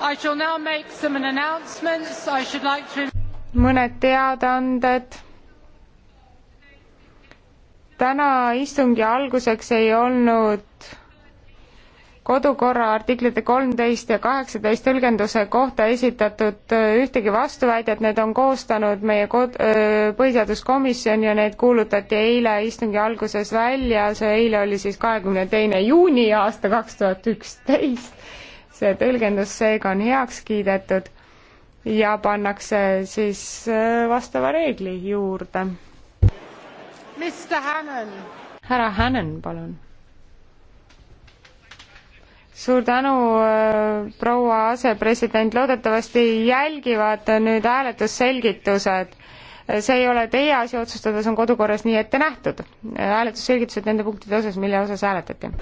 I shall now make some announcements. I should like to mõned teadaanded. täna istungi alguseks ei olnud kodukorra artiklite kolmteist ja kaheksateist tõlgenduse kohta esitatud äh, ühtegi vastuväidet, need on koostanud meie kod-, äh, põhiseaduskomisjon ja need kuulutati eile istungi alguses välja, see eile oli siis kahekümne teine juuni aasta kaks tuhat üksteist see tõlgendus seega on heaks kiidetud ja pannakse siis äh, vastava reegli juurde. härra Hannon, palun. suur tänu, äh, proua asepresident, loodetavasti jälgivad nüüd hääletusselgitused see ei ole teie asi otsustada, see on kodukorras nii ette nähtud. hääletusselgitused nende punktide osas, mille osas hääletati.